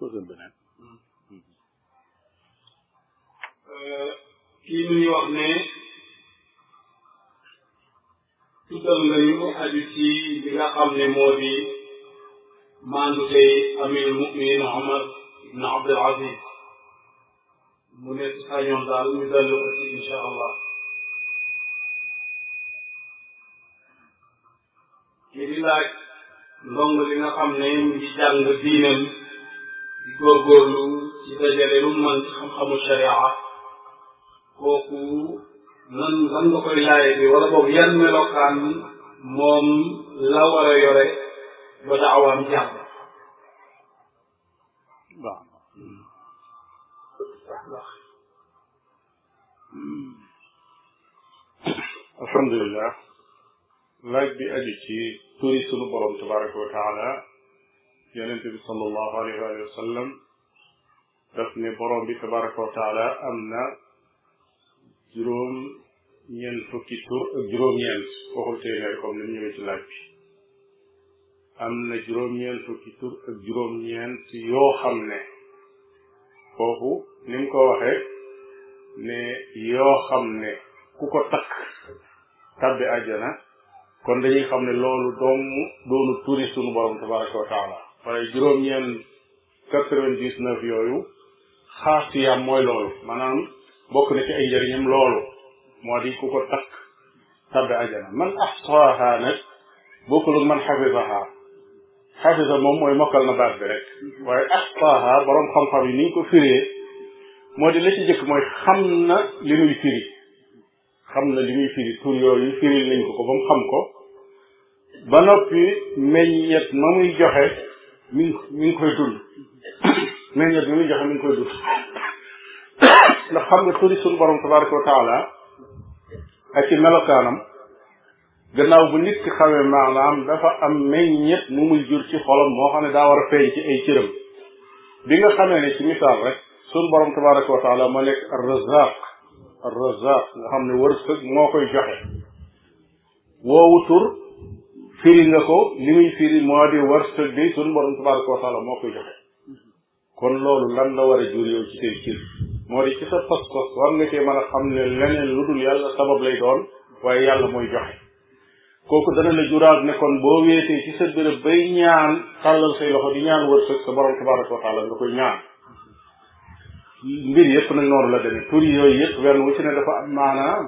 poson beneen kii ñuy wax ne tuddal nga ñu aju ci li nga xam ne moo di maandu tey amir muminin Omar ibn Abdul Aziz mu nekk sañoon daal ñu dellu ko ci incha allah kii di laaj ndong li nga xam ne mu ngi jàng diinam góorgóorlu ci dajale lu mën ci xam-xamu sharia kooku nan lan nga koy laaye bi wala boobu yan melokaan moom la war a yore ba daawaam jàpp waaw alhamdulilah laaj bi aju ci turi sunu borom tabaraka wa taala yonent bi sallallahu alayhi wa sallam daf ne borom bi tabaraka wa am na juróom ñeent fukki tur ak juróom-ñeent waxul téeméer comme ni mu ñëwee ci laaj bi am na juróom-ñeent fukki tur ak juróom-ñeent yoo xam ne foofu ni mu ko waxee ne yoo xam ne ku ko takk tabbi àjjana kon dañuy xam ne loolu doomu doonu turi sunu borom tabaraka wa wala juróom-ñeent quatre-vingt-dix-neuf yooyu xaasiyam mooy loolu maanaam bokk na ci ay njëriñam loolu moo di ku ko takk tabbi ajana man ahsaaha nag bokkul ak man xafisaha xafisa moom mooy mokkal na baat bi rek waaye ahsaaha borom xam-xam yi ni ko firee moo di la ci jëkk mooy xam na li muy firi xam na li muy firi tur yooyu firil nañ ko ba mu xam ko ba noppi meññet ma muy joxe mi ngi mi ngi koy dund meññeet bi muy joxe mi ngi koy dund ndax xam nga turi suñu borom tabaraka wa taala ak ci melokaanam gannaaw bu nit ki xamee maanaam dafa am meññeet mu muy jur ci xolam moo xam ne daa war a feeñ ci ay cëram bi nga xamee ne ci misaal rek suñu borom tabaraka wa taala moo nekk ar-Razzaq nga xam ne wërsëg moo koy joxe woowu tur firil nga ko li muy firi moo di wërsëg bi suñu borom tabaraka wa moo koy joxe kon loolu lan la war a jur yow ci say cir moo di ci sa pas-pas war nga cee mën a xam ne leneen lu dul yàlla sabab lay doon waaye yàlla mooy joxe kooku dana la juraat ne kon boo weetee ci sa béréb bay ñaan tàllal say loxo di ñaan wërsëg sa borom tabaraka wa nga koy ñaan mbir yëpp nag noonu la demee tur yooyu yëpp wenn wu ci ne dafa am maanaam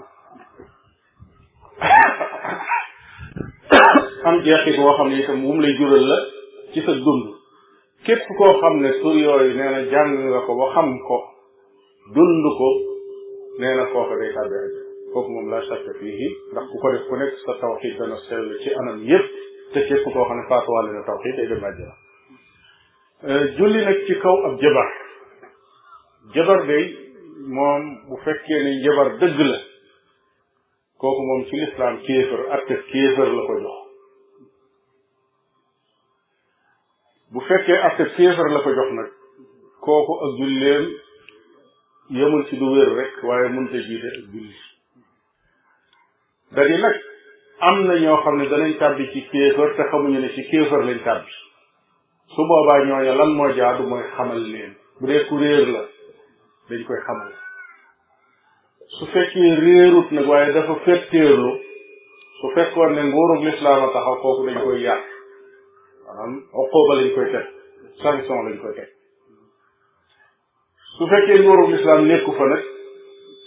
am jeexit boo xam ne itam wum lay jural la ci sa dund képp koo xam ne tur yooyu nee na jàng nga ko ba xam ko dund ko nee na kooka day tàbbi aj kooku moom ndax ku ko nekk sa tawxid dana sell ci anam yépp te képp koo xam ne faatuwàlle na tawxid day dem àjjana euh, julli nag ci kaw ab jabar jabar day moom bu fekkee ne jabar dëgg la kooku moom ci lislaam kéefër atte kéefër la ko jox bu fekkee atte kéefar la ko jox nag kooku ak julleem yemul ci du wér rek waaye mënta jiite ak julli dani nag am na ñoo xam ne danañ tàbbi ci kéefar te xamuñu ne ci kéefar lañ tàbbi su boobaa ñooña lan moo jaadu mooy xamal leen bu dee ku réer la dañ koy xamal su fekkee réerut nag waaye dafa fetteerlu su fekkoon ne nguurug lislaam a taxaw kooku dañ koy yàq maanaam uquba lañ koy teg sanction lañ koy teg su fekkee nguurub lislaam nekku fa nag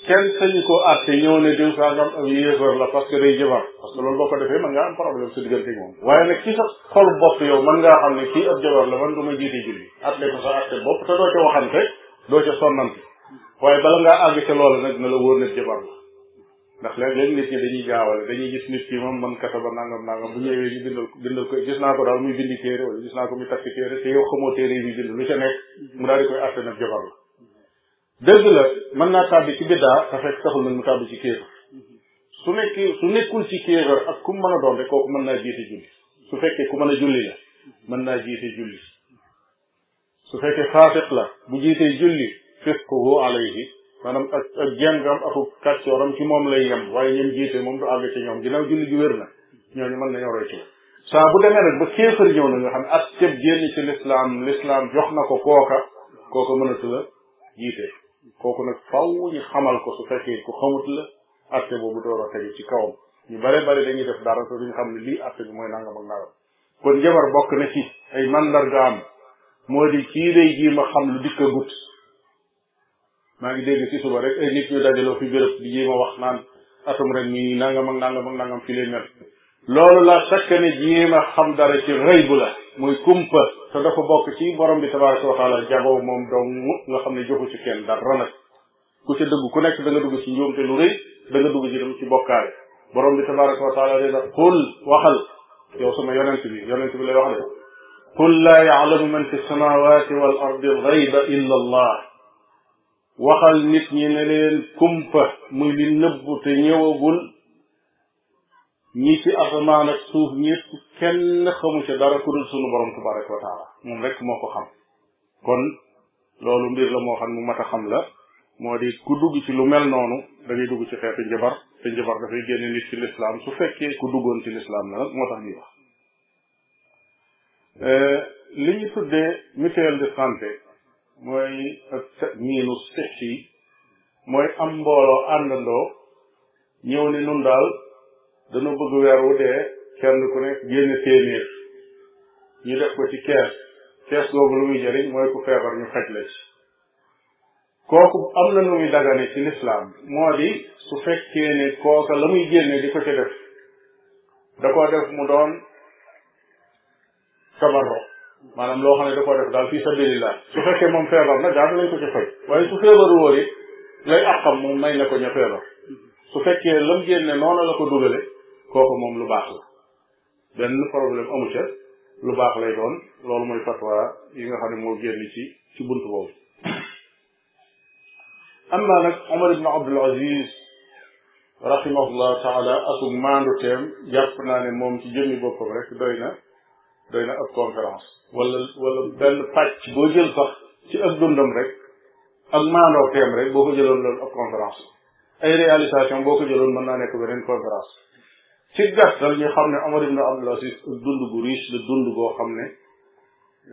kenn sañu koo àtte ñëw ne diw sangam ak yéefar la parce que day jëfar parce que loolu boo ko defee mën ngaa am problème sa diggante moom waaye nag ci sa xol bopp yow mën ngaa xam ne kii ab jabar la man du ma jiite julli àtte ko sa àtte bopp te doo ca waxante doo ca sonnante waaye bala ngaa àgg ca loola nag na la wóor ne jabar la ndax léeg-léeg nit ñi dañuy jaawale dañuy gis nit ki moom man kasa ba nangam bu ñëwee ñu bindal ko bindal ko gis naa ko daal muy bindi téere wala gis naa ko muy takk téere te yow xamoo téere yi muy bind lu ca nekk mu daal di koy atte jabar la dëgg la mën naa tàbbi ci biddaa te fekk taxul nag mu tàbbi ci kéefër su nekk su nekkul ci kéefër ak ku mu a doon rek kooku mën naa jiite julli su fekkee ku mën a julli la mën naa jiite julli su fekkee faasiq la bu jiitee julli fisquhu alayhi maanaam ak ak jengam akub kàccooram ci moom lay yem waaye ñoom jiite moom du àgg ci ñoom ginnaaw julli ji wér na ñooñu mën nañoo roy ci saa bu demee nag ba kéefër ñëw na nga xam ne at cëb génn ci lislaam lislaam jox na ko kooka kooka mënatu la jiite kooku nag faw ñu xamal ko su fekkee ku xamut la atte boobu door a tegu ci kawam ñu bare bare dañuy def dara te duñu xam ne lii atte bi mooy nangam ak nangam kon jabar bokk na ci ay mandargaam moo di kii day jii ma xam lu dikk a gut maa ngi dégg ci suba rek ay nit ñu dajaloo fi béréb di jéem a wax naan atum ren nii nangam ak nangam ak nangam fi loolu la chaque ne jéem xam dara ci rëy bu la muy kumpa te dafa bokk ci borom bi tabaraka wa taala jagoo moom dong nga xam ne joxu ci ken dara nag ku ci dëgg ku nekk da nga dugg ci njuumte lu rëy da nga dugg ci dem ci bokkaale borom bi tabaraka wa taala nee na xul waxal yow sama yonent bi yonent bi lay wax la qul laa yaalamu man fi samawati wal ardi waxal nit ñi ne leen kumpa muy li nëbbu te ñëwagul ñi ci asamaan ak suuf ñëpp kenn xamu ca dara ku dul sunu borom tabaraka wa moom rek moo ko xam kon loolu mbir la moo xam mu mat a xam la moo di ku dugg ci lu mel noonu da dugg ci xeetu njabar te njabar dafay génne nit ci lislaam su fekkee ku duggoon ci lislaam la nag moo tax ñuy wax euh, li ñu tuddee mutuelle de santé mooy miinu six yi mooy am mbooloo àndandoo ñëw ne nun daal dana bëgg weer wu dee kenn ku nekk génne téeméer ñu def ko ci kees kees googu lu muy jëriñ mooy ku feebar ñu faj la ci kooku am na nu muy dagane ci lislaam moo di su fekkee ne kooka la muy génne di ko ca def da ko def mu doon tabarro maanaam loo xam ne da def daal fii sabilillah su fekkee moom feebar na daan lañ ko ci fay waaye su feebaru woon it lay àqam moom may na ko ña feebar su fekkee lam génne noonu la ko dugale kooku moom lu baax la benn problème amu lu baax lay doon loolu mooy fatwa yi nga xam ne moo génn ci ci buntu boobu amma nag Omar ibn Abdul Aziz rahimahullah taala asug maandu teem jàpp naa ne moom ci jëmmi boppam rek doy na doy na ak conférence wala wala benn pàcc boo jël sax ci ak dundam rek ak maandoo teem rek boo ko jëloon loolu ab conférence ay réalisation boo ko jëloon mën naa nekk beneen conférence ci gàttal ñu xam ne Omar na Abdul Aziz ak dund gu riche la dund goo xam ne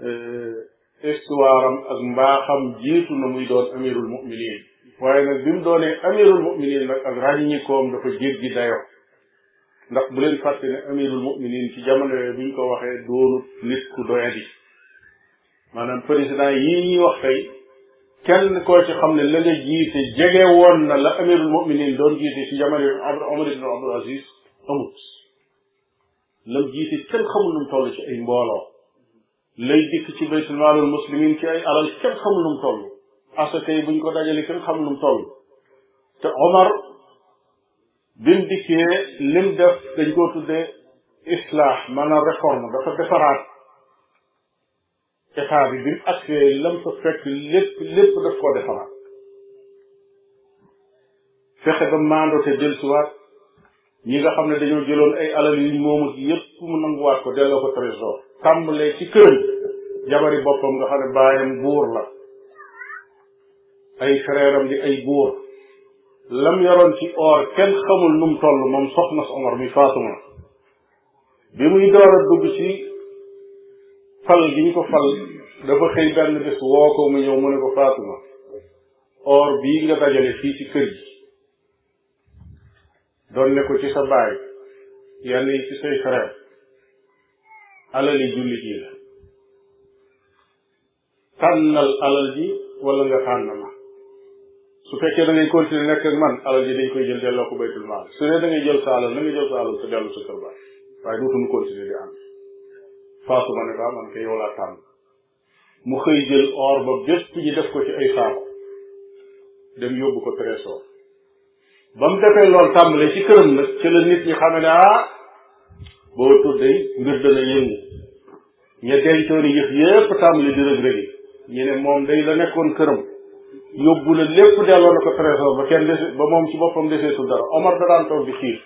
euh, histoire am ak mbaaxam jiitu na muy doon amirul muminin waaye nag bi mu doonee amirul muminin nag ak ràññikoom dafa jéggi dayo ndax bu leen fàtte ne amirul muminin ci jamono yooyu bu ñu ko waxee doonut nit ku doyadi maanaam président yi ñuy wax tey kenn koo ci xam ne la nga jiite jege woon na la amirul muminin doon jiite ci jamono yooyu Omar ibn Abdul Aziz amut lam jiite kenn xamul num toll ci ay mbooloo lay dikk ci baytul maalul muslimin ci ay alal kenn xamul num toll asaka yi buñ ko dajale kenn xamul num toll te Omar bim dikkee lim def dañ koo tuddee islaax maanaam réforme dafa defaraat état bi bim agsee lam fa fekk lépp lépp daf koo defaraat fexe ba maandote dellusiwaat ñi nga xam ne dañoo jëloon ay alal yu moom ak yépp mu nanguwaat ko delloo ko trésor tàmbalee ci këram jabari boppam nga xam ne baayam buur la ay frèram di ay buur lam yoroon ci or kenn xamul nu mu moom soxna si Omar Faatuma bi muy door a dugg ci fal gi ñu ko fal dafa xëy benn bés woo ko mu ñëw mu ne ko Faatuma or bii nga dajale fii ci kër gi doon ne ko ci sa baay yenn yi ci say frère alali jullit yi la tànnal alal ji wala nga tànn su fekkee da ngay continuer nekk ak man alal ji dañ koy jël delloo ko baytul maal su dee da jël sa alal na nga jël sa alal te dellu sa kër baay waaye dootuñu continuer di ànd faasu ma ne ba ah, man ko yow laa tànn mu xëy jël or ba bépp ñi def ko ci ay saako dem yóbbu ko trésor ba mu defee lool tàmbalee ci këram nag ci la nit ñi xam ne ah boo tudd mbir dana yëngu ña dencooni yëf yépp tàmbali di rëg-rëgi ñu ne moom day la nekkoon këram yóbbu la lépp delloo na ko trésor ba kenn dese ba moom ci boppam deseetul dara Omar da daan toog di xiif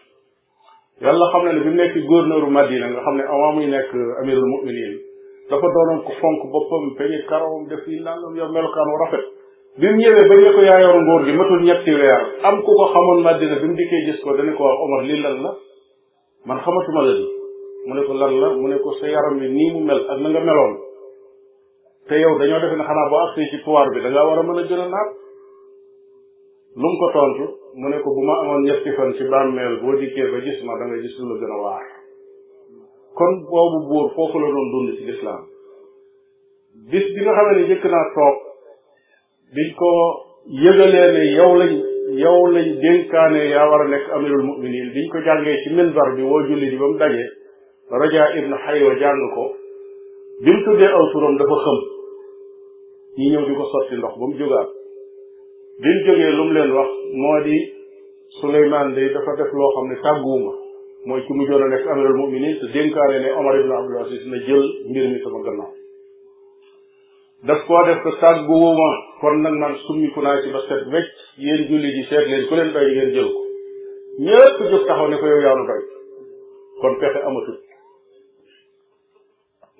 yàlla xam ne ne bi mu nekk gouverneuru Madina nga xam ne avant muy nekk amirul muminin dafa doonoon ko fonk boppam peñi karawam def yi nangam yor wu rafet bi mu ñëwee ba ñu ko yaayoon ngóor gi matul ñetti weer am ku ko xamoon Madina bi mu dikkee gis ko dana ko wax Omar lii lan la man xamatuma la di mu ne ko lan la mu ne ko sa bi nii mu mel na nga te yow dañoo defe ne xanaa boo agsee ci pouvoir bi da war a mën a gën a naat lu mu ko tontu mu ne ko bu ma amoon ñetti fan ci bàmmeel boo dikkee ba gis ma da nga gis lu la gën a waar kon boobu buur foofu la doon dund ci lislaam bis bi nga xamee ne jëkk naa toog biñ ko yëgalee ne yow lañ yow lañ dénkaane yaa war a nekk amirul muminin biñ ko jàngee ci minbar bi woo julli di ba mu dajee raja ibn xaywa jàng ko bi mu tuddee aw dafa xëm ñi ñëw di ko sotti ndox ba mu jógaat bi mu jógee lu mu leen wax moo di Suleymaan day dafa def loo xam ne tàgguwuma mooy ki mu a nekk amiral muminin te dénkaane ne Omar ibn Abdul Aziz na ko tàgguwuma kon nag man summiku naa ci ba set wecc yéen julli di seet taxaw ne ko yow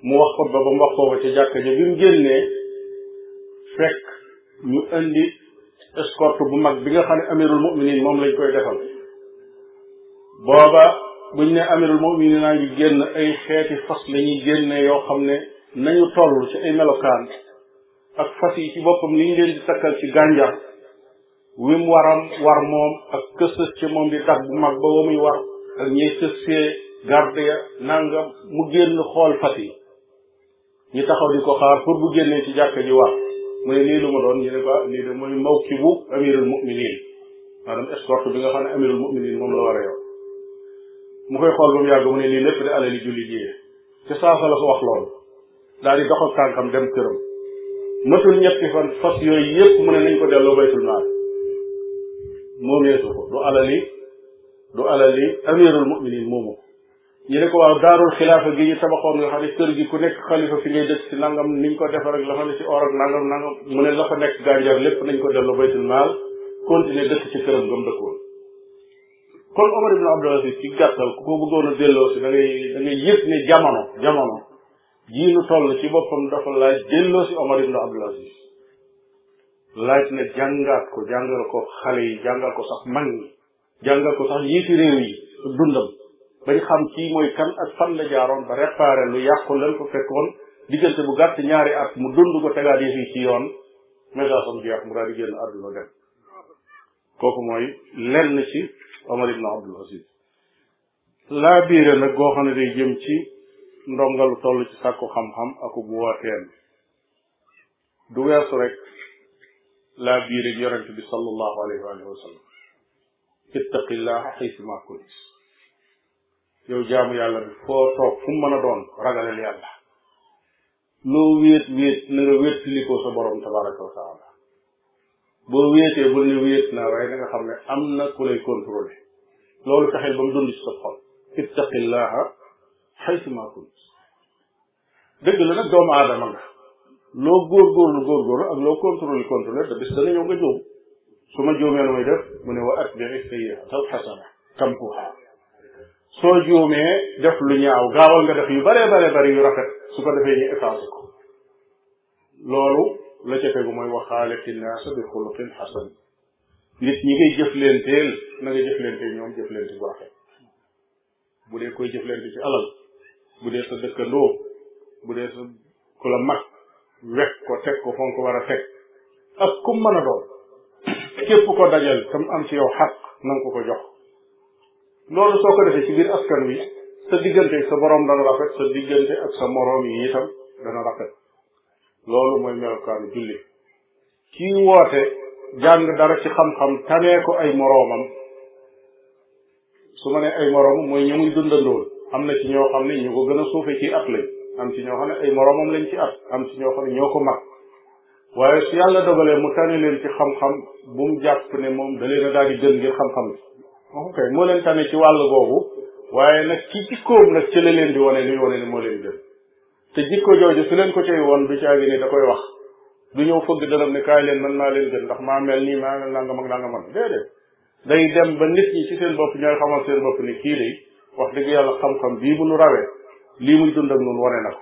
mu wax ko ba ba mu wax ko ca jàkka ja bi mu génnee fekk ñu indi escorte bu mag bi nga xam ne amirul muminin moom lañ koy defal booba buñ ne amirul muminin naa ngi génn ay xeeti fas la ñuy génne yoo xam ne nañu toll ci ay melokaan ak fas yi ci boppam ni ñu leen di takkal ci gànjar wim waram war moom ak kësës ci moom di tax bu mag ba wa muy war ak ñiy këssee garde ya nangam mu génn xool fas yi ñu taxaw di ko xaar pour bu génnee ci jàkka ji war mu ne lii lu ma doon ñu ne ko lii de mooy mawkibu amirul muminin maanaam escorte bi nga xam ne amirul muminin moom la war a yor mu koy xool ba mu yàgg mu ne lii lépp de alali jullit yi ci saasa la ko wax loolu daal di dox ak tànkam dem këram matul ñetti fan fas yooyu yëpp mu ne nañ ko delloo baytul maal moomeesu ko du alali du alali amirul muminin moomu ñu ne ko waaw daarul xilaafa gi ñu tabaxoon nga xam ne kër gi ku nekk xalifa fi ngay dëkk si nangam niñ ko defar ak la fa ne si or ak nangam nangam mu ne la fa nekk gànjar lépp nañ ko delloo baytul maal continuer dëkk ci këram gam dëkkoon kon Omar ibn Abdul Aziz ci gàttal ku ko bëggoon a delloo si da ngay da ngay yëg ne jamono jamono jii nu toll ci boppam dafa laaj delloo si Omar Abdul Aziz laaj na jàngaat ko jàngal ko xale yi jàngal ko sax mag ko sax yii bañ xam kii mooy kan ak fan la jaaroon ba réparé lu yàqu lan ko fekkoon diggante bu gàtt ñaari at mu dund ko tegaat yëf ci yoon message am jeex mu daal di génn àdduna dem kooku mooy lenn ci Omar ibn Abdul Aziz laa biire nag goo xam ne day jëm ci ndongalu toll ci sàkku xam-xam aku bu waateen du weesu rek laa biire yonent bi sallallahu alayhi wa sallam ittaqillah xaysi ma kunt yow jaamu yàlla bi foo toog fu mu mën a doon ragalel yàlla loo wéet wéet na nga wéttalikoo sa borom tabaraka wa taala boo wéetee am na ku lay contrôlé loolu fexeel ba mu dund ci sa xol ittaqillaha xaysuma kunt dëgg la nag doomu aadama nga loo góorgóorlu góorgóorlu ak loo contrôlé da bis dana ñëw nga jóom su ma jóomee lu muy def mu ne wa atbii sayyi'ata al xasana tamkuha soo juumee def lu ñaaw gaawal nga def yu bare bare bare yu rafet su ko defee ñu effacé ko loolu la ca tegu mooy waxaale fi naasa bi xuluqin xasan nit ñi ngay jëflenteel na nga jëflentee ñoom jëflente bu rafet bu dee koy jëflente ci alal bu dee sa dëkkandoo bu dee sa ku la mag wekk ko teg ko fon ko a teg ak kum mën a doon képp ko dajal tam am ci yow xaq na ko ko jox loolu soo ko defee ci biir askan wi sa diggante sa borom dana rafet sa diggante ak sa moroom yi itam dana rafet loolu mooy melokaanu julli kii woote jàng dara ci xam-xam tanee ko ay moroomam su ma ne ay moroom mooy ñu muy dundandool am na ci ñoo xam ne ñu ko gën a suufee ci at lañ am ci ñoo xam ne ay moroomam lañ ci at am ci ñoo xam ne ñoo ko mag waaye su yàlla dogalee mu tane leen ci xam-xam bu mu jàpp ne moom da leen a daal di ngir xam-xam ok moo leen tane ci wàll googu waaye nag ci jikkoom nag ci la leen di wane luy wane ni moo leen gën te jikko jooju su leen ko cay woon du caagi nii da koy wax du ñëw fëgg dërëm ne kaay leen man maa leen gën ndax maa mel nii maa mel nangam ak nangam ak déedéet day dem ba nit ñi ci seen bopp ñooy xamal seen bopp ni kii lay wax dëgg yàlla xam-xam bii bu nu rawee lii muy dund ak nun wane na ko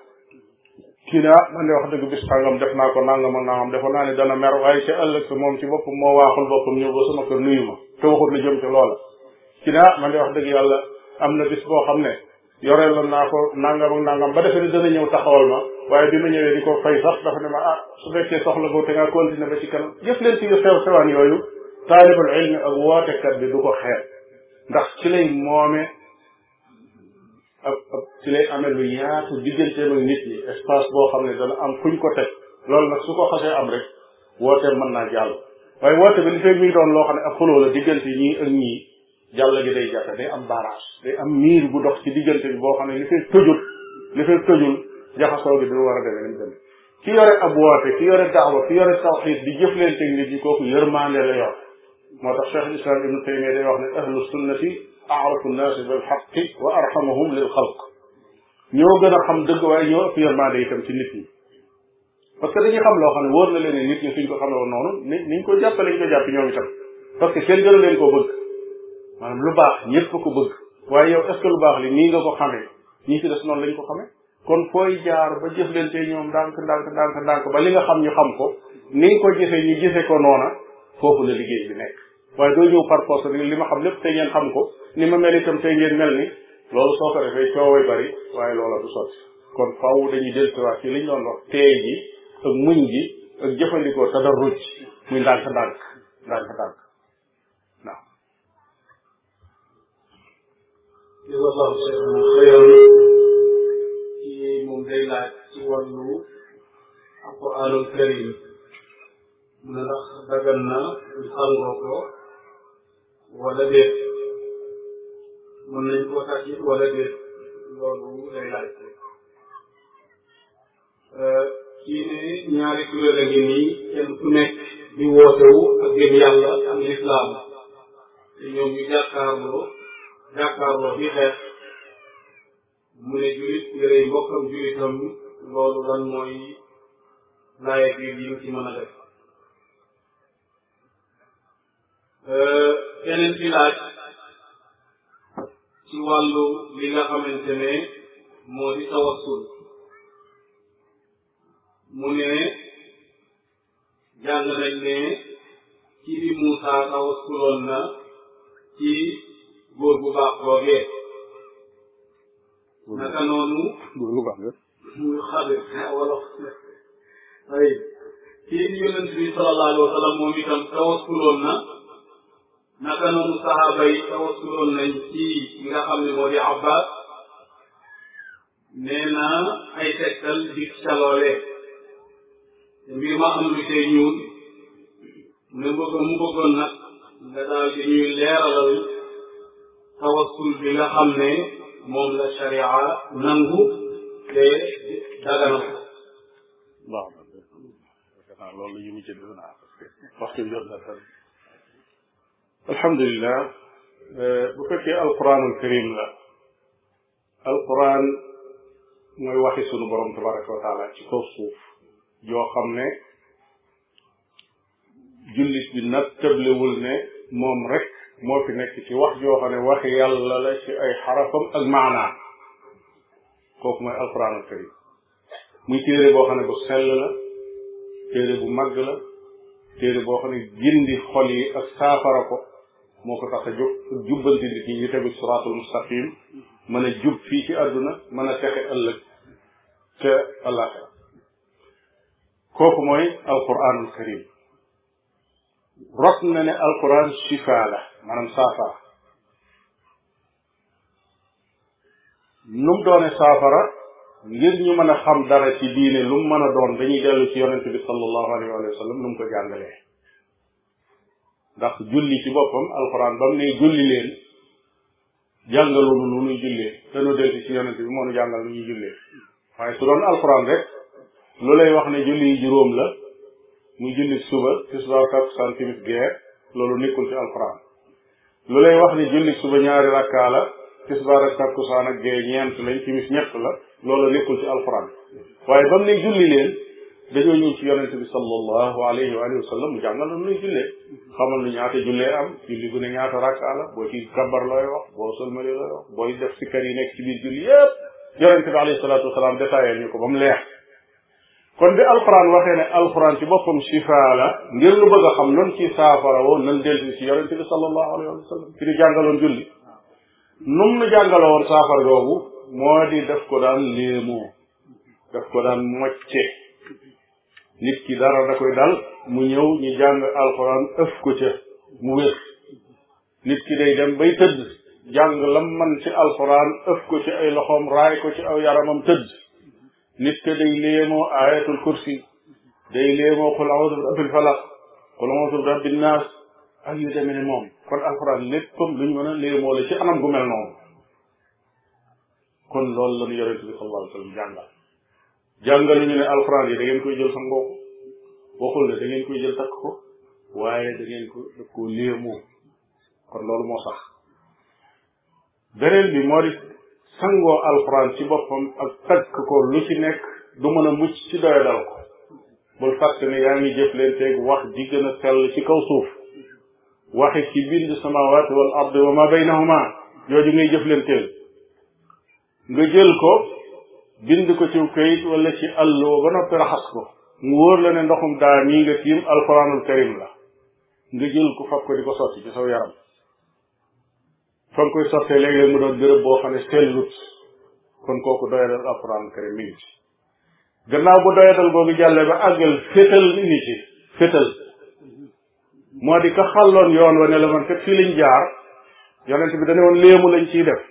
kii ne ah man de wax dëgg bis sàngam def naa ko nangam naa ne dana mer waaye moom ci boppam moo waaxul boppam ñëw ba sama kër la jëm ca loola ci ne ah man de wax dëgg yàlla am na bis boo xam ne yoreeloon naa ko nangam ak nangam ba defe ne dana ñëw taxawal ma waaye bi ma ñëwee di ko fay sax dafa ne ma ah su fekkee soxla boobu te nga continuer ba ci kanam jëf leen ci sew sewaan yooyu taalibul ilmi ak wootekat bi du ko xeet ndax ci lay moome ab ab ci lay amee lu yaatu digganteem ak nit ñi espace boo xam ne dana am kuñ ko teg loolu nag su ko xasee am rek woote mën naa jàll waaye woote bi li fekk mi ngi doon loo xam ne ab xuloo la diggante ñii ak ñii jàll gi day jafe day am barrage day am miir bu dox ci diggante bi boo xam ne li fay tëjul li fay tëjul jaxasoo gi du war a demee ni mu demee ki yore ab woote ki yore daawa ki yore tawxiid di jëflante nit ñi kooku yërmande la yor moo tax cheikh islam ibnu taymia day wax ne ahlu sunnati aarafu nnaasi bilxaqi wa arxamahum lil xalq ñoo gën a xam dëgg waaye ñoo ëpp yërmande itam ci nit ñi parce que dañuy xam loo xam ne wóor na leen ne nit ñi suñ ko xamee woon noonu ni niñ ko jàppale ñu ko jàpp ñoom itam parce que seen gën a leen koo bëgg maanaam lu baax ñépp ko ko bëgg waaye yow est-ce que lu baax li nii nga ko xamee ñi ci des noonu lañ ko xamee kon fooy jaar ba jëflante ñoom ndànk ndànk ndànk ndànk ba li nga xam ñu xam ko ni nga ko gisee ñu gisee ko noona foofu liggéey bi nekk waaye doo par force li ma xam lépp tey ngeen xam ko ni ma mel itam tey mel ni loolu soo ko defee cooway bari waaye loola du sotti kon faaw dañuy dellusiwaat ci liñ doon wax teey ji gi ak jëfandikoo tadarruj muy ndànk ndànk ndànk allah seen xëyoon ci moom day laaj ci wàllu alquranul karim mu ne na ñu sàngoo ko wala déet mën nañ koo tàggit wala loolu day laaj kii ne ñaari kuréel a ngi kenn ku nekk di wootewu ak gëm yàlla ak lislaam te ñoom ñu jàkkaarloo jàkkaarloo di xeex mu ne julit yërey mbokkam julitam loolu lan mooy laaye biir yi nga ci mën a def euh, keneen ci ci wàllu li nga xamante ne moo di tawassul mu ne jàng nañ ci bi Muusaa tawassuloon na ci góor bu baax boobee. naka noonu. góor bu baax kii yonent bi sallallahu alayhi wa sallam moom itam tawassuloon na. naka noonu saxaaba yi nañ ci nga xam ne moo di Abbas. nee na ay tegtal di caloole. te ma am lu see ñuul. mu bëgg mu bëggoon nag. nga daal di ñuy leeralal. tawassul bi nga xam ne moom la sharia nangu te dagana ko waaw naa loolu la ñu mujj def naa waxtu bi jot na tan alhamdulilah euh, bu fekkee alquranul karim la alquran mooy waxi sunu borom tabaraka wa taala ci kaw suuf yoo xam ne jullit bi nag tëblewul ne moom rek moo fi nekk ci wax joo xam wax yàlla la ci ay xarafam ak maanaam kooku mooy alquran al karim muy téere boo xam bu sell la téere bu màgg la boo xam ne gindi xol yi saafara ko moo ko tax a jóg jubbanti nit ñi ñu mustaqim mën jub fii ci àdduna mën a texe ëllëg ca àllaaxira kooku mooy alquranul karim rot na ne alquran shifa maanaam saafara nu doone saafara ngir ñu mën a xam dara ci diine lu mu mën a doon dañuy dellu ci yonent bi sallallahu alayhi wa sallam nu ko jàngalee ndax julli ci boppam alxuraan ba mu ne julli leen jàngalunu nu nuy jullee dañoo dellu ci yonent bi moo nu jàngal nu ñuy jullee waaye su doon alxuraan rek lu lay wax ne julli yi juróom la muy julli suba tisbaar takkusaan timis gee loolu nekkul ci alxuraan lu lay wax ni julli suba ñaari rakkaa la tisbaar ak takkusaan ak gee ñeent lañ timis ñett la loola nekkul ci alxuraan waaye ba mu ne julli leen dañoo ñëw ci yonente bi sallallahu alayhi wa sallam mu jàngal na nuy jullee xamal nu ñaata jullee am julli gu ne ñaata rakkaa boo ci kabar looy wax boo sëlmali looy wax booy def sikkar yi nekk ci biir julli yépp bi alayhi salaatu wasalaam détaillé ñu ko ba mu leer kon bi alxuraan waxee ne alxuraan ci boppam shifaa la ngir lu bëgg a xam nan ci saafara woo nan delsi ci yonente bi sallallahu alayhi wa sallam ci ñu jàngaloon julli nu jàngale saafara googu moo di def ko daan léemoo daf ko daan mocce nit ki dara da koy dal mu ñëw ñu jàng alxuraan ëf ko ca mu wér nit ki day dem bay tëdd jàng lam man ci alxuraan ëf ko ci ay loxoom raay ko ci aw yaramam tëdd nit ke day léemoo ayatul kursi day léemoo mën a léemoo ci anam gu mel noonu bi sallallahu ko waxul waaye da loolu moo sax beneen bi moo sangoo alxuraan ci boppam ak takk ko lu ci nekk du mën a mucc ci doya ko bul fàtte yaa ngi jëflanteeg wax ji gën a sell ci kaw suuf waxe ci bind samawaati wal ardi wa ma baynahuma jooju ngay jëflanteel nga jël ko bind ko ci kayit wala ci àll ba noppi raxas ko mu wóor la ne ndoxum daa mii nga tiim alxuraanul karim la nga jël ko fab ko di ko sotti ci saw yaram fa nga koy sottee léeg-léeg mu doon gërëb boo xam ne sellut kon kooku doyadal alxuraan karim mi ngi gannaaw bu doyadal googu jàlle ba àggal fétal mi ngi ci fétal moo di ka xàlloon yoon wa ne la man kat fii lañ jaar yonent bi dane woon léemu lañ ciy def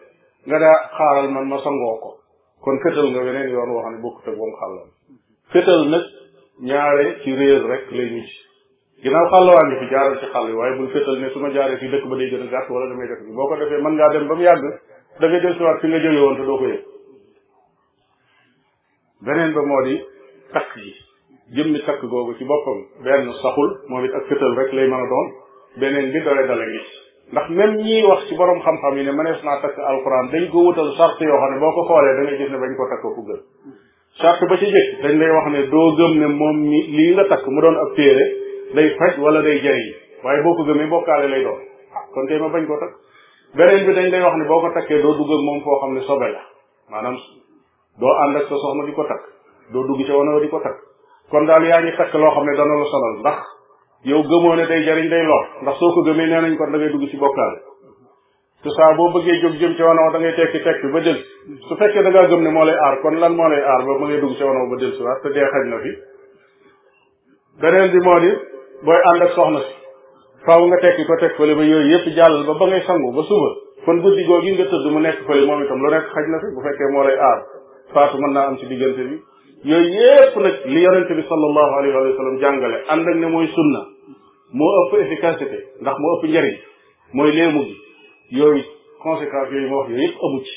nga daa xaaral man ma sangoo ko kon fétal nga weneen yoon woo xam ne bokkut ak ba mu xàlloon fétal ñaare ci réer rek lay ci ginnaaw xàll waa ngi fi jaaral ci xàll yi waaye bul féetal ne su ma jaaree fii dëkk ba day gën a gàtt wala damay def bi boo ko defee mën ngaa dem ba mu yàgg da ngay dellusiwaat fi nga jóge woon te doo ko yëg beneen ba moo di takk yi jëmmi takk googu ci boppam benn saxul moom it ak féetal rek lay ma a doon beneen bi dale dale ngi ndax même ñii wax ci borom xam-xam yi ne mënees naa takk alxuraan dañ ko wutal sart yoo xam ne boo ko xoolee da ngay gis ko takk ku dañ lay wax moom lii nga takk mu doon ab téere day faj wala day jëriñ waaye boo ko gëmee bokkaale lay doon kon tey ma bañ ko takk beneen bi dañ lay wax ne boo ko takkee doo dugg ak moom foo xam ne sobe la maanaam doo ànd ak sa soxna di ko takk doo dugg ca a di ko takk kon daal yaa ngi takk loo xam ne dana la sonal ndax yow gëmoo ne day jariñ day lor ndax soo ko gëmee nañ kon da ngay dugg ci bokkaale te saa boo bëggee jóg jëm ca wana ba da ngay tekki tekki ba jël su fekkee da ngaa gëm ne moo lay aar kon lan moo lay aar ba ba ngay dugg ca wana ba jël si waat te dee booy ànd ak soxna si faaw nga tekki ko teg fële ba yooyu yëpp jàll ba ba ngay sangu ba suba kon guddi googu nga tëdd mu nekk fële moom itam lu nekk xaj na fi bu fekkee moo lay aar faatu mën naa am si diggante bi yooyu yëpp nag li yonent bi sallallahu alayhi wa sallam jàngale ànd ak ne mooy sunna moo ëpp efficacité ndax moo ëpp njariñ mooy léemu gi yooyu conséquence yooyu ma wax yooyu yëpp amu ci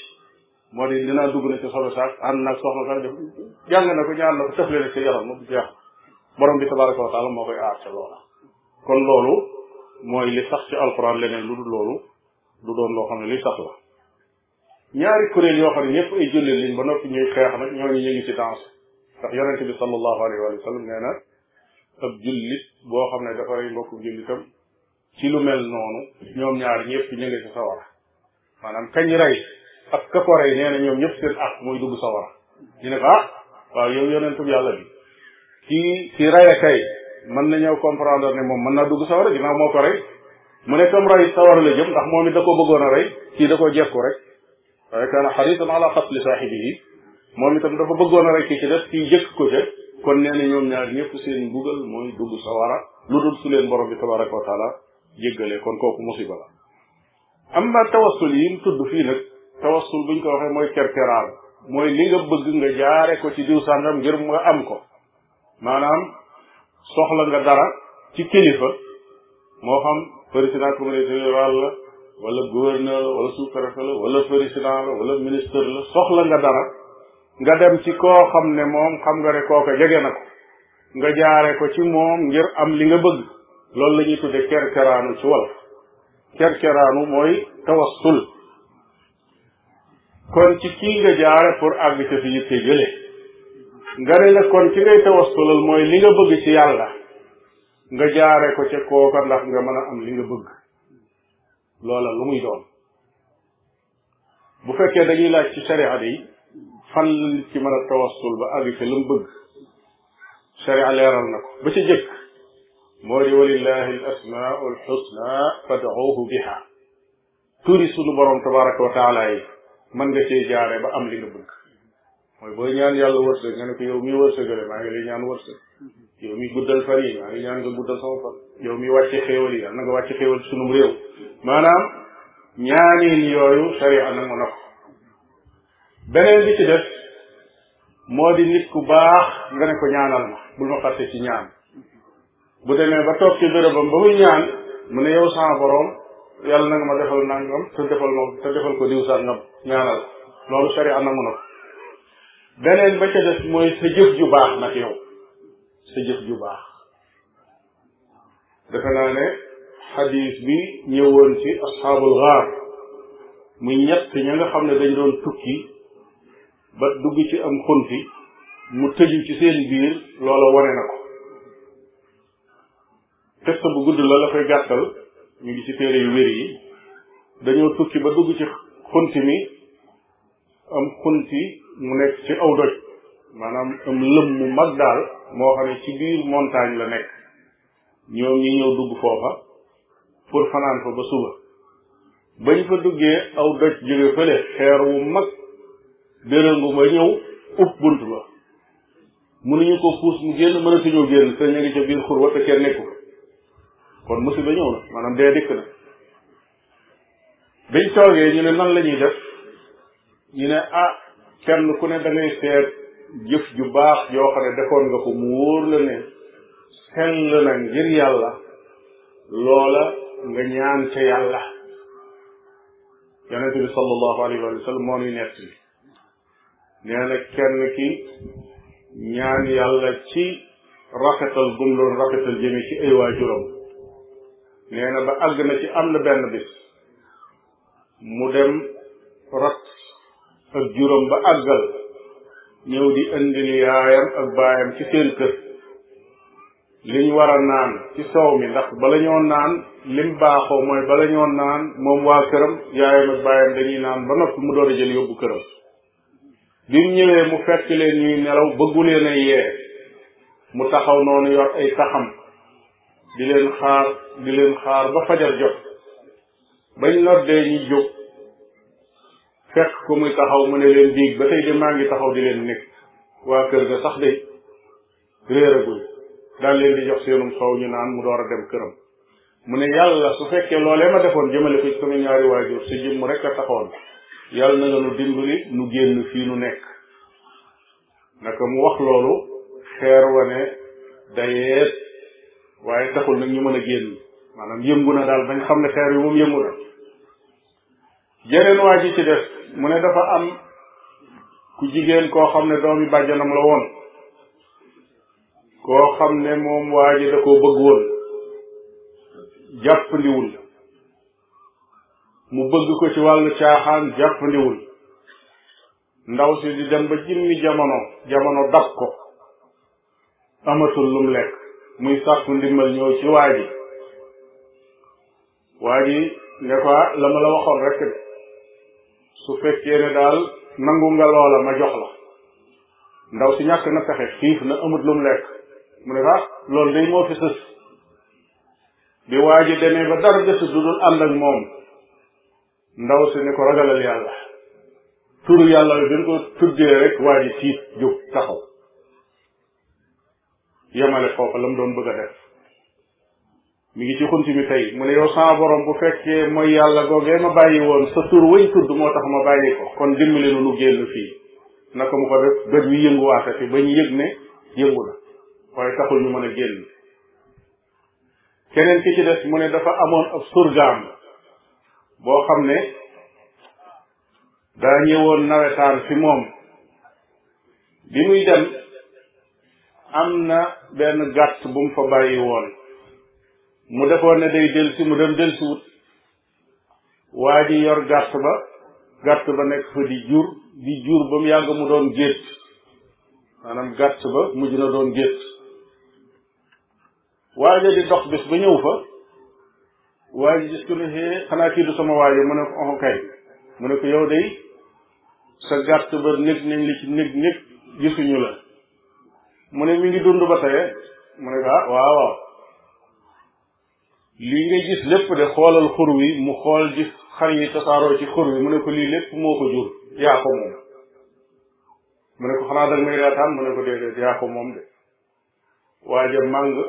moo di dinaa dugg na ci sobe saak ànd naag soxna sax def jàng na ko ñaan na ko na ci yaram ma bu jeex borom bi tabaraka wa taala moo koy aar ca loola kon loolu mooy li sax ci alxuraan leneen lu dul loolu du doon loo xam ne li sax la ñaari kuréel yoo xam ne ñëpp ay jullit ba noppi ñuy xeex nag ñooñu ñu ngi ci danse nee na boo xam ne dafa rey mbokku jullitam ci lu mel noonu ñoom ñaar ñëpp ñu ngi ci sawara maanaam kañ rey ak ka ko rey nee na ñoom ñëpp seen at mooy dugg sawara ñu ne ko ah waaw yow yonentu yàlla bi ci ci rey a kay mën na ñëw comprendre ne moom mën naa dugg sawara ginnaaw moo ko mu ne comme rey sawara la jëm ndax moom it da ko bëggoon a rey kii da ko jekku rek waaye kaana xarisan ala qatli saaxibihi moom itam dafa bëggoon a rey ki ci def kii jëkk ko ca kon nee na ñoom ñaar ñëpp seen mbugal mooy dugg sawara lu dul su leen borom bi tabaraka wa taala jéggalee kon kooku musiba la am na tawassul yi mu tudd fii nag tawassul buñ ko waxee mooy kerkeraal mooy li nga bëgg nga jaare ko ci diw sàngam ngir nga am ko maanaam soxla nga dara ci kilifa moo xam président communauté rurale la wala gouverneur la wala sous la wala président la wala ministre la soxla nga dara nga dem ci koo xam ne moom xam nga ne kooka jege na ko nga jaare ko ci moom ngir am li nga bëgg loolu la ñuy tudde kerkeraanu ci wolof kerkeraanu mooy tawassul kon ci kii nga jaare pour àgg ca fi yitte jëlee nga ne nag kon ci ngay tawassulal mooy li nga bëgg ci yàlla nga jaare ko ca kooka ndax nga mën a am li nga bëgg loola lu muy doon bu fekkee dañuy laaj ci sharia yi fan la nit ki mën a tawassul ba àgg ca lu mu bëgg sharia leeral na ko ba ca jëkk moo di walillahi al asmaau al biha turi sunu borom tabaraka wa taala yi mën nga cee jaare ba am li nga bëgg mooy booy ñaan yàlla wërsëg nga ne ko yow mi wërsëgale maa ngi lay ñaan wërsëg yow mi guddal fan yi maa ngi ñaan nga guddal sama fan yow mi wàcce xéewal yi yàlla na nga wàcce xéewal ci maanaam ñaaniin yooyu sariya nag na ko beneen bi moo di nit ku baax nga ne ko ñaanal ma bul ma fàtte ci ñaan bu demee ba toog ci bérébam ba muy ñaan mu ne yow sama borom yàlla na nga ma defal nangam te defal ma te defal ko diw sàngam ñaanal loolu sariya nag mu na ko beneen ba ca des mooy sa jëf ju baax nag yow sa jëf ju baax defe naa ne xadis bi ñëwoon ci asxaabul gaar muy ñett ña nga xam ne dañ doon tukki ba dugg ci am xunti mu tëju ci seen biir loola wane na ko xista bu gudd la la koy gàttal ñu ngi ci téere yu wér yi dañoo tukki ba dugg ci xunti mi am xunti mu nekk ci aw doj maanaam am lëm mu mag daal moo xam ne ci biir montagne la nekk ñoom ñi ñëw dugg foofa pour fanaan fa ba suba bañ fa duggee aw doj jóge mag dërëngu ba ñëw upp bunt ba mënuñu ko puus mu génn mënatuñoo génn te ñu ca biir xurwa te kenn nekku kon musiba ñëw na maanaam dee dikk na biñ toogee ñu ne nan la ñuy def ñu ne ah kenn ku ne da ngay seet jëf ju baax yoo xam ne defoon nga ko mu wóor la ne sell na ngir yàlla loola nga ñaan ca yàlla yonente bi sallallahu alayhi wa sallam moo nuy nett bi nee kenn ki ñaan yàlla ci rafetal gum doon rafetal jëme ci ay waajuram nee ba àgg na ci am na benn bis mu dem rat ak juróom ba àggal ñëw di indili yaayam ak baayam ci seen kër liñ war a naan ci soow mi ndax bala ñoo naan lim baaxoo mooy bala ñoo naan moom waa këram yaayam ak baayam dañuy naan ba noppi mu door a jël yóbbu këram bi mu ñëwee mu fekk leen ñuy nelaw bëggu leen yee mu taxaw noonu yor ay taxam di leen xaar di leen xaar ba fajar jot bañ noddee ñu jóg fekk ko muy taxaw mu ne leen biig ba tey de maa ngi taxaw di leen nekk waa kër ga sax de réeragul daal leen di jox seenum soow ñu naan mu door a dem këram mu ne yàlla su fekkee loolee ma defoon jëmale ko ci ñaari waajur sa jëmm rek a taxoon yàlla na nu dimbali nu génn fii nu nekk naka mu wax loolu xeer wane dayeet waaye taxul nag ñu mën a génn maanaam yëngu na daal bañ xam ne xeer yi moom yëngu na jeneen waa ji ci def mu ne dafa am ku jigéen koo xam ne doomi bàjjanam la woon koo xam ne moom waa da koo bëgg woon jàppandiwul mu bëgg ko ci wàllu caaxaan jàppandiwul ndaw si di dem ba jimmi jamono jamono dab ko amatul lum lekk muy sàkku ndimbal ñëw ci waa ji ne ko ah, la ma la waxoon rek su fekkee ne daal nangu nga loola ma jox la ndaw si ñàkk na fexe xiif na amut lu mu lekk mu ne ah loolu day moo fi sës bi waa ji demee ba dara desu dudul ànd ak moom ndaw si ne ko ragalal yàlla turu yàlla bi ñu ko tuddee rek waa ji siit taxaw yemale foofa la mu doon bëgg a def mi ngi ci xunti bi tey mu ne yow sama borom bu fekkee mooy yàlla googee ma bàyyi woon sa tur way tudd moo tax ma bàyyi ko kon dimbali nu nu génn fii naka mu ko def doj wi fi ba ñu yëg ne yëngu na waaye taxul ñu mën a génn keneen ki ci des mu ne dafa amoon ab surgaam boo xam ne daa ñëwoon nawetaan fi moom bi muy dem am na benn gàtt bu mu fa bàyyi woon mu defoon ne day delsi mu dem delsi wut waa ji yor gàtt ba gàtt ba nekk fa di jur di jur ba mu yàgg mu doon gétt maanaam gàtt ba mujj na doon gétt waa ji di dox bis ba ñëw fa waa ji gis ko xanaa kii du sama waa ji mu ne oxo oh, kay mu ne ko yow day sa gàtt ba nég nañ li ci nég nég gisuñu la mu ne mi ngi dund ba tey mu ne ko ah waaw lii ngay gis lépp de xoolal xur wi mu xool di xar yi tasaaroo ci xur wi mu ne ko lii lépp moo ko jur yaa ko moom mu ne ko xanaa dag may reetaan mu ne ko déedéet yaa ko moom de waaje ne maandute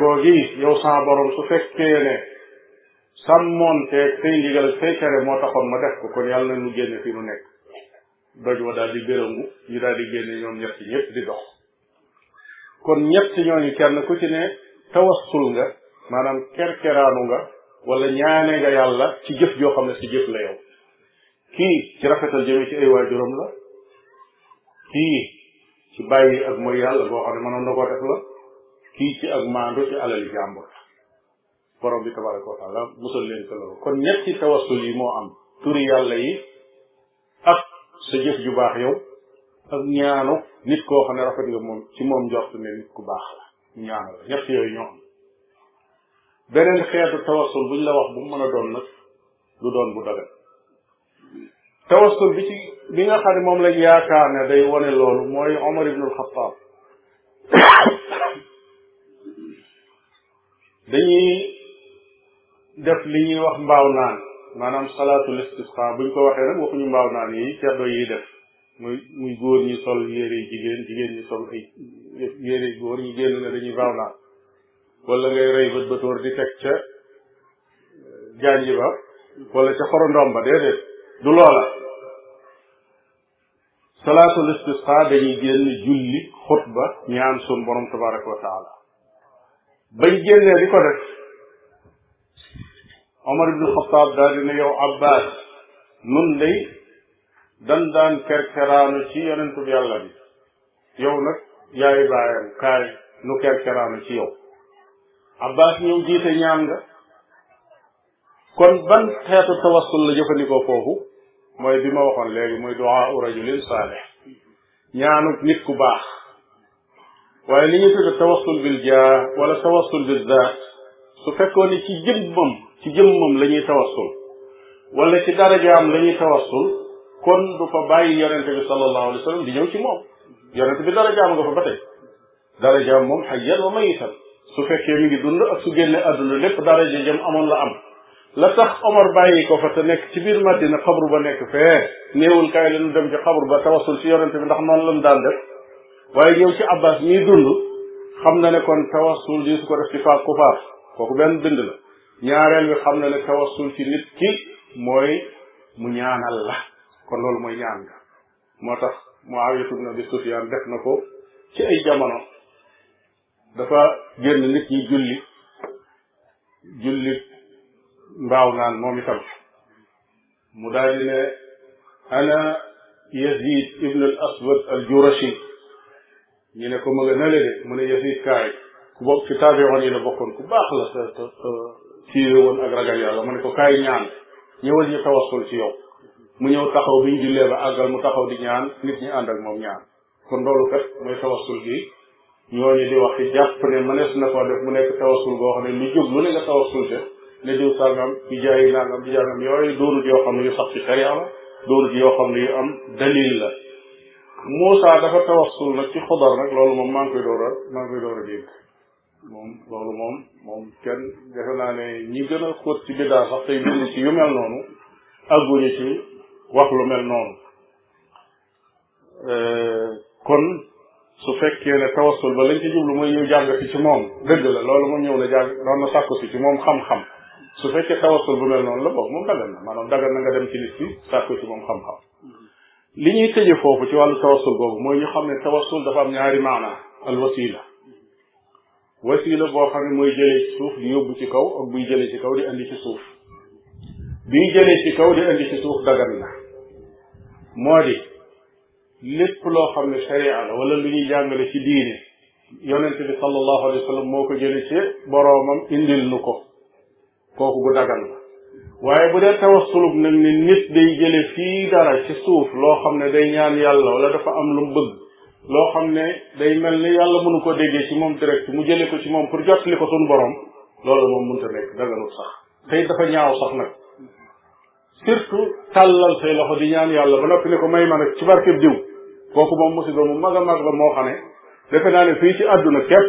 googi yow sama borom su fekkee ne sàmmoonteeg say ndigal ak say cere moo taxoon ma def ko kon yàlla na nu génne fi nu nekk doj wa daal di bérangu ñu daal di génne ñoom ñett ñëpp di dox kon ñett ñooñu kenn ku ci ne tawassul nga maanaam kerkeraanu nga wala ñaane nga yàlla ci jëf joo xam ne si jëf la yow kii ci rafetal jëme ci ay waajuram la kii ci bàyyi ak mooy yàlla boo xam ne mënoon na koo def la kii ci ak maandu ci alali jàmbur borom bi tabaraka wa musal leen ko loolu kon ñetti tawassul yi moo am turi yàlla yi sa jëf ju baax yow ak ñaanu nit koo xam ne rafet nga moom ci moom njort ne nit ku baax la ñaanu la ñett yooyu ñoo beneen xeetu tawassul buñ la wax bu mën a doon nag du doon bu dagan tawassul bi ci bi nga xam ne moom lañ yaakaar ne day wone loolu mooy Omar ibn al dañuy def li ñuy wax mbaaw naan maanaam salaatul istisqa buñ ko waxee nag waxuñu mbaaw naan yi ceddo yi def muy muy góor ñi sol yére jigéen jigéen ñi sol ay yére góor ñi génn ne dañuy mbaaw naan wala ngay rey bët bëtóor di teg ca eh, janji ba walla ca xorondoom ba déedéet du loola salaatul istisqa dañuy génn julli xutba ñaan sun borom tabaraka wa taala bañ génnee di ko def Omar ibnu Xataab daal di ne yow Abbas nun day dan daan kerkeraanu ci yonentu yàlla bi yow nag yaay baayam kaay nu kerkeraanu ci yow Abbas ñëw jiite ñaan nga kon ban xeetu tawassul la jëfandikoo foofu mooy bi ma waxoon léegi muy duaa u rajulin saalih ñaanu nit ku baax waaye li ñu tudde tawassul bil jaah wala tawassul bil zaat su fekkoon ni ci jëmmam ci jëmmam la ñuy tawassul wala ci darajaam la ñuy tawassul kon du fa bàyyi yonente bi sallallahu alayhi wa sallam di ñëw ci moom yonente bi darajaam nga fa ba tey darajaam moom xayyan wa mayitan su fekkee mi ngi dund ak su génne àdduna lépp daraja jëm amoon la am la tax Omar bàyyi ko fa te nekk ci biir Madina xabru ba nekk fee néewul kaay la ñu dem ci xabru ba tawasul ci yonente bi ndax noonu lañ daan def waaye ñëw ci Abbas mii dund xam na ne kon tawasul ko ci faaf ku faaf kooku benn bind la ñaareel bi xam na ne tawassul ci nit ki mooy mu ñaanal la kon loolu mooy ñaan nga moo tax Muawiyatu ibn Abi Sufyaan def na ko ci ay jamono dafa génn nit ñi julli julli mbaaw naan moom itam mu daal ne ana Yazid ibn Aswad al Jurashi ñu ne ko ma nga de mu ne Yazid kaay ku bokk ci taabiroon yi la bokkoon ku baax la sa siiwee woon ak ragal yàlla mu ne ko kaay ñaan ñëwal ñu tawassul ci yow mu ñëw taxaw bi ñu jullee ba àggal mu taxaw di ñaan nit ñi ànd ak moom ñaan kon loolu kat mooy tawassul bi ñooñu di wax ci jàpp ne mënees na koo def mu nekk tawassul boo xam ne lu jóg lu ne nga tawassul def ne diw sàngam di jaay nangam di jaangam yooyu doonut yoo xam ne yu sax ci sharia la doonut yoo xam ne yu am dalil la Moussa dafa tawassul nag ci xodar nag loolu moom maa ngi koy door maa ngi koy a dégg moom loolu moom moom kenn defe naa ne ñi gën a xóot ci biddaa sax tey dund ci yu mel noonu àgguñu ci wax lu mel noonu euh, kon su fekkee ne tawassul ba lañ ci jublu mooy ñëw jàng si ci moom dëgg la loolu moom ñëw na jàng doon na sàkku si ci moom xam su fekkee tawassul bu mel noonu la boobu moom dagan na maanaam nga dem ci liste bi ci moom xam-xam li ñuy tëje foofu ci wàllu tawassul boobu mooy ñu xam ne tawassul dafa am ñaari maana al wasiila boo xam ne mooy jëlee ci suuf di yóbbu ci kaw ak buy jëlee ci kaw di andi ci suuf biy jëlee ci kaw di ci suuf dagan na moo di lépp loo xam ne sharia la wala lu ñuy jàngale ci diine yonente bi sallallahu alayhi wa moo ko jëlee ci boroomam indi nu ko kooku bu dagan la waaye bu dee tawassulub nag ne nit day jëlee fii dara ci suuf loo xam ne day ñaan yàlla wala dafa am lu mu loo xam ne day mel ni yàlla mënu koo déggee ci moom direct mu jëlee ko ci moom pour jottali ko sunu borom loolu moom mënta nekk daganut sax tey dafa ñaaw sax nag surtout tàllal say loxo di ñaan yàlla ba noppi ne ko may ma nag ci barkeb diw kooku moom musiba mu mag a mag la moo xam ne defe naa ne fii ci àdduna képp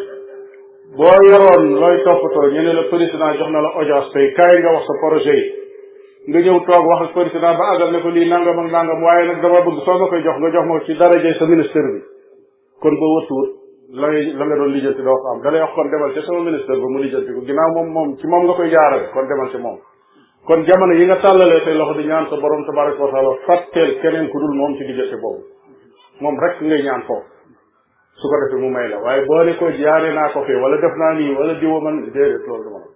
boo yoroon looy toppatoo ñu ñenee la président jox na la audience tey kaay nga wax sa projet yi nga ñëw toog wax ak président ba àggal ne ko lii nangam ak nangam waaye nag dama bëgg soo ma koy jox nga jox ma ci darajee sa ministère bi kon boo wëtuwut la ngay la nga doon doo ko am da lay wax kon demal ca sama ministre ba mu lijjanti ko ginnaaw moom moom ci moom nga koy jaarale kon demal ci moom kon jamono yi nga tàllalee say loxo di ñaan sa borom tabaraka wa taala fàtteel keneen ku dul moom ci diggante boobu moom rek ngay ñaan foofu su ko defee mu may la waaye boo ne ko jaaree naa ko fee wala def naa nii wala diwa man déedéet loolu dama la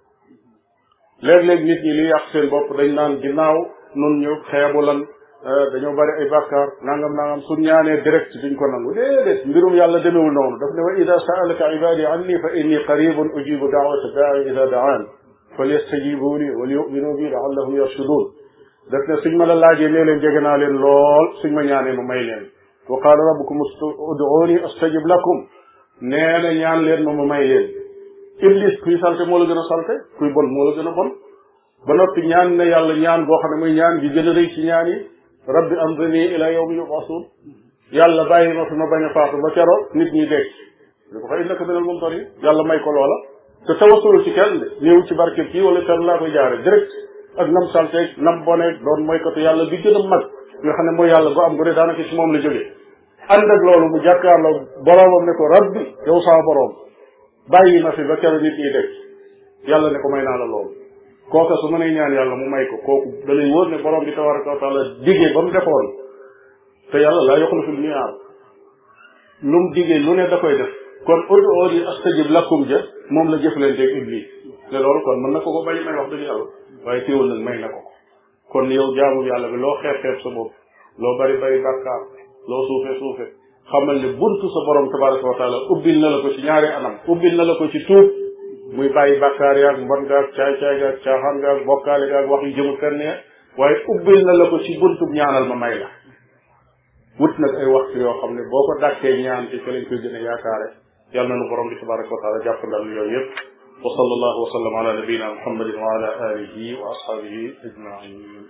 léeg-léeg nit ñi li yàq seen bopp dañ naan ginnaaw nun ñu xeebu lan Euh, dañoo bari ay bàkkaar nangam nangam su ñaanee direct duñ ko nangu déedéet mbirum yàlla demewul noonu daf ne wa ida saalaka ibadi anni fa inni qaribun ujibu daawata daai ida daan falyastajibuuni walyuminu bi laallahum yarshudun daf ne suñ ma la laajee nee leen jege naa leen lool suñ ma ñaanee ma may leen wa qaala rabbukum uduuni astajib lakum nee na ñaan leen ma ma may leen iblis kuy salte moo la gën a salte kuy bon moo la gën a bon ba noppi ñaan na yàlla ñaan boo xam ne muy ñaan gi gën a rëy ci ñaan yi rab bi am rabbi anzirni ila yawmi yubasun yàlla bàyyi ma fi ma bañ a faatu ba keroog nit ñi dekk li ko fa innaka minal yàlla may ko loola sa tawassul ci kenn de ñëw ci barke kii wala kenn laa koy jaare direct ak nam salteeg nam boneeg doon moykatu yàlla bi gën a mag nga xam ne mooy yàlla go am gu ne daanaka ci moom la jógee ànd ak loolu mu jàkkaarloo boroomam ne ko rabbi yow saa boroom bàyyi ma fi ba keroog nit ñi dekk yàlla ne ko may naa la loolu kooka su mënee ñaan yàlla mu may ko kooku da lay wóor ne borom bi tabaraka wa taala diggee ba mu defoon te yàlla laa yoxlaful miaar lu mu diggee lu ne da koy def kon udoo li astajib lakum ja moom la jëflanteeg iblis te loolu kon mën na ko ko bañ may wax dëgg yàlla waaye teewul nag may na ko ko kon yow jaamu yàlla bi loo xeeb xeeb sa bopp loo bari bari bàkkaar loo suufe suufe xamal ne buntu sa borom tabaraka wa taala ubbil na la ko ci ñaari anam ubbil na ko ci tuub muy bàyyi bàkkaar yaag mbon gaag caay-caay gaag caaxaan gaag bokkaale gaag wax yu jëmul fenn waaye ubbil na la ko buntub ñaanal ma may la wut nag ay waxtu yoo xam ne boo ko dàkkee ñaan ci fa lañ koy gën a yaakaare yàlla na nu borom bi tabaraka wa taala jàpp ndal yooyu yëpp wa sallallahu wa sallam ala nabiyina muhammadin wa ala alihi wa ashabihi ajmain